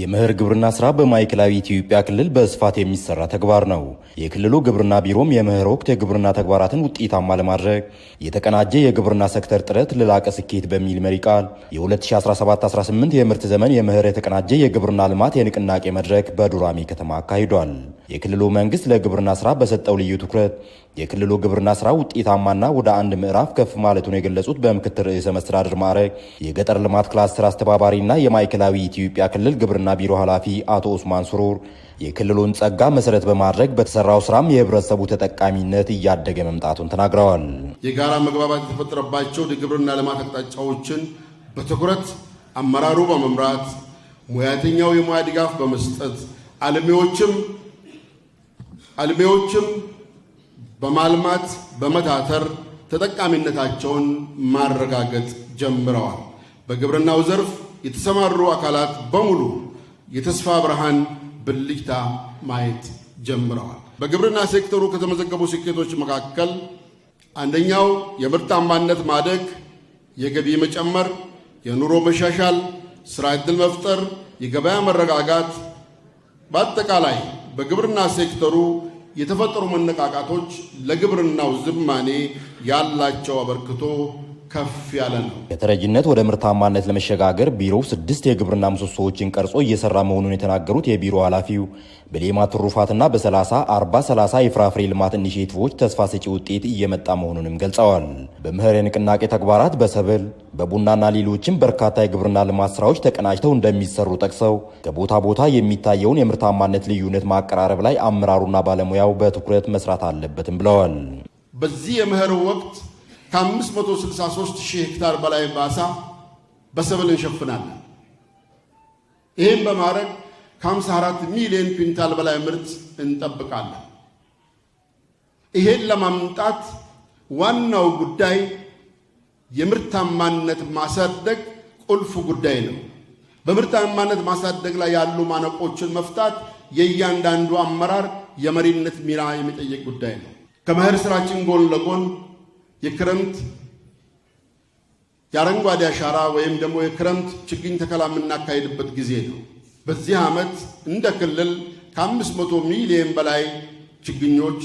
የምህር ግብርና ስራ በማዕከላዊ ኢትዮጵያ ክልል በስፋት የሚሰራ ተግባር ነው። የክልሉ ግብርና ቢሮም የምህር ወቅት የግብርና ተግባራትን ውጤታማ ለማድረግ የተቀናጀ የግብርና ሴክተር ጥረት ለላቀ ስኬት በሚል መሪ ቃል የ2017/18 የምርት ዘመን የምህር የተቀናጀ የግብርና ልማት የንቅናቄ መድረክ በዱራሜ ከተማ አካሂዷል። የክልሉ መንግስት ለግብርና ስራ በሰጠው ልዩ ትኩረት የክልሉ ግብርና ስራ ውጤታማና ወደ አንድ ምዕራፍ ከፍ ማለቱን የገለጹት በምክትል ርዕሰ መስተዳድር ማዕረግ የገጠር ልማት ክላስተር አስተባባሪና የማዕከላዊ ኢትዮጵያ ክልል ግብርና ቢሮ ኃላፊ አቶ ኡስማን ስሩር የክልሉን ጸጋ መሰረት በማድረግ በተሰራው ስራም የህብረተሰቡ ተጠቃሚነት እያደገ መምጣቱን ተናግረዋል። የጋራ መግባባት የተፈጠረባቸው የግብርና ልማት አቅጣጫዎችን በትኩረት አመራሩ በመምራት ሙያተኛው የሙያ ድጋፍ በመስጠት አለሚዎችም አልሚዎችም በማልማት በመታተር ተጠቃሚነታቸውን ማረጋገጥ ጀምረዋል። በግብርናው ዘርፍ የተሰማሩ አካላት በሙሉ የተስፋ ብርሃን ብልጭታ ማየት ጀምረዋል። በግብርና ሴክተሩ ከተመዘገቡ ስኬቶች መካከል አንደኛው የምርታማነት ማደግ፣ የገቢ መጨመር፣ የኑሮ መሻሻል፣ ስራ ዕድል መፍጠር፣ የገበያ መረጋጋት፣ በአጠቃላይ በግብርና ሴክተሩ የተፈጠሩ መነቃቃቶች ለግብርናው ዝማኔ ያላቸው አበርክቶ ከፍ ያለ ነው። ከተረጂነት ወደ ምርታማነት ለመሸጋገር ቢሮው ስድስት የግብርና ምሰሶዎችን ቀርጾ እየሰራ መሆኑን የተናገሩት የቢሮ ኃላፊው በሌማት ትሩፋትና በ30 40 30 የፍራፍሬ ልማት ኢኒሼቲቮች ተስፋ ሰጪ ውጤት እየመጣ መሆኑንም ገልጸዋል። በምህር የንቅናቄ ተግባራት በሰብል በቡናና ሌሎችም በርካታ የግብርና ልማት ስራዎች ተቀናጅተው እንደሚሰሩ ጠቅሰው ከቦታ ቦታ የሚታየውን የምርታማነት ልዩነት ማቀራረብ ላይ አመራሩና ባለሙያው በትኩረት መስራት አለበትም ብለዋል። በዚህ የምህር ወቅት ከ563 ሺህ ሄክታር በላይ ባሳ በሰብል እንሸፍናለን። ይህም በማድረግ ከ54 ሚሊዮን ኩንታል በላይ ምርት እንጠብቃለን። ይሄን ለማምጣት ዋናው ጉዳይ የምርታማነት ማሳደግ ቁልፍ ጉዳይ ነው። በምርታማነት ማሳደግ ላይ ያሉ ማነቆችን መፍታት የእያንዳንዱ አመራር የመሪነት ሚና የሚጠይቅ ጉዳይ ነው። ከመኸር ስራችን ጎን ለጎን የክረምት የአረንጓዴ አሻራ ወይም ደግሞ የክረምት ችግኝ ተከላ የምናካሄድበት ጊዜ ነው። በዚህ ዓመት እንደ ክልል ከአምስት መቶ ሚሊየን በላይ ችግኞች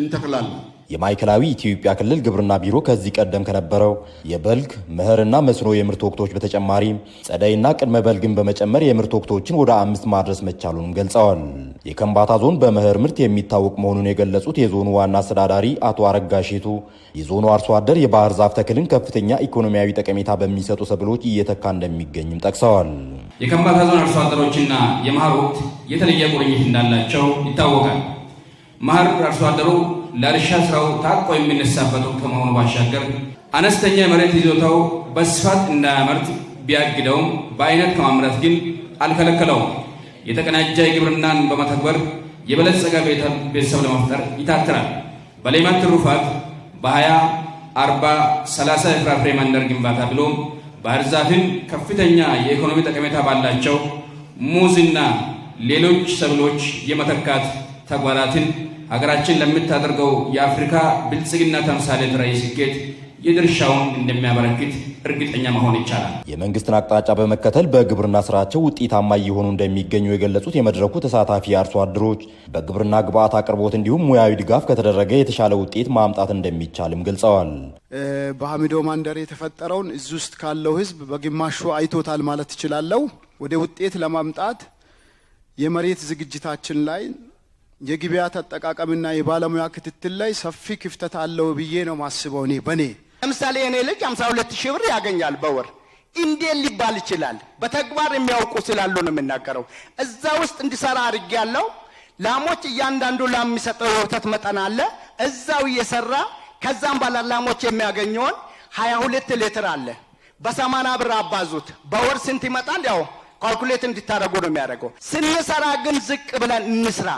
እንተክላለን። የማዕከላዊ ኢትዮጵያ ክልል ግብርና ቢሮ ከዚህ ቀደም ከነበረው የበልግ ምህርና መስኖ የምርት ወቅቶች በተጨማሪ ጸደይና ቅድመ በልግን በመጨመር የምርት ወቅቶችን ወደ አምስት ማድረስ መቻሉንም ገልጸዋል። የከምባታ ዞን በምህር ምርት የሚታወቅ መሆኑን የገለጹት የዞኑ ዋና አስተዳዳሪ አቶ አረጋሼቱ የዞኑ አርሶ አደር የባህር ዛፍ ተክልን ከፍተኛ ኢኮኖሚያዊ ጠቀሜታ በሚሰጡ ሰብሎች እየተካ እንደሚገኝም ጠቅሰዋል። የከምባታ ዞን አርሶ አደሮችና የመኸር ወቅት የተለየ ቁርኝት እንዳላቸው ይታወቃል። መኸር አርሶ አደሩ ለእርሻ ስራው ታቆ የሚነሳበት ከመሆኑ ባሻገር አነስተኛ የመሬት ይዞታው በስፋት እንዳያመርት ቢያግደውም በአይነት ከማምረት ግን አልከለከለውም። የተቀናጀ የግብርናን በመተግበር የበለጸገ ቤተሰብ ለመፍጠር ይታትራል። በሌማት ትሩፋት በሀያ 40 30 የፍራፍሬ መንደር ግንባታ ብሎም ባህር ዛፍን ከፍተኛ የኢኮኖሚ ጠቀሜታ ባላቸው ሙዝና ሌሎች ሰብሎች የመተካት ተጓላትን ሀገራችን ለምታደርገው የአፍሪካ ብልጽግና ተምሳሌት ራዕይ ስኬት የድርሻውን እንደሚያበረክት እርግጠኛ መሆን ይቻላል። የመንግስትን አቅጣጫ በመከተል በግብርና ስራቸው ውጤታማ እየሆኑ እንደሚገኙ የገለጹት የመድረኩ ተሳታፊ አርሶ አደሮች በግብርና ግብዓት አቅርቦት እንዲሁም ሙያዊ ድጋፍ ከተደረገ የተሻለ ውጤት ማምጣት እንደሚቻልም ገልጸዋል። በሀሚዶ ማንደር የተፈጠረውን እዚህ ውስጥ ካለው ህዝብ በግማሹ አይቶታል ማለት ትችላለው። ወደ ውጤት ለማምጣት የመሬት ዝግጅታችን ላይ የግቢያ አጠቃቀምና የባለሙያ ክትትል ላይ ሰፊ ክፍተት አለው ብዬ ነው ማስበው። እኔ በኔ ለምሳሌ የኔ ልጅ 52 ሺህ ብር ያገኛል በወር እንዴት ሊባል ይችላል? በተግባር የሚያውቁ ስላሉ ነው የምናገረው። እዛ ውስጥ እንዲሰራ አድርግ ያለው ላሞች እያንዳንዱ ላም የሚሰጠው የወተት መጠን አለ። እዛው እየሰራ ከዛም ባላ ላሞች የሚያገኘውን 22 ሊትር አለ በሰማና ብር አባዙት በወር ስንት ይመጣል? ያው ካልኩሌት እንዲታደረጉ ነው የሚያደርገው። ስንሰራ ግን ዝቅ ብለን እንስራ።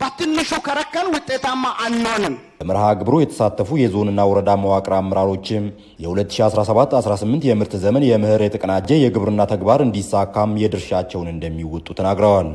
በትንሹ ከረከን ውጤታማ አንሆንም። በመርሃ ግብሩ የተሳተፉ የዞንና ወረዳ መዋቅር አመራሮችም የ2017/18 የምርት ዘመን የምህር የተቀናጀ የግብርና ተግባር እንዲሳካም የድርሻቸውን እንደሚወጡ ተናግረዋል።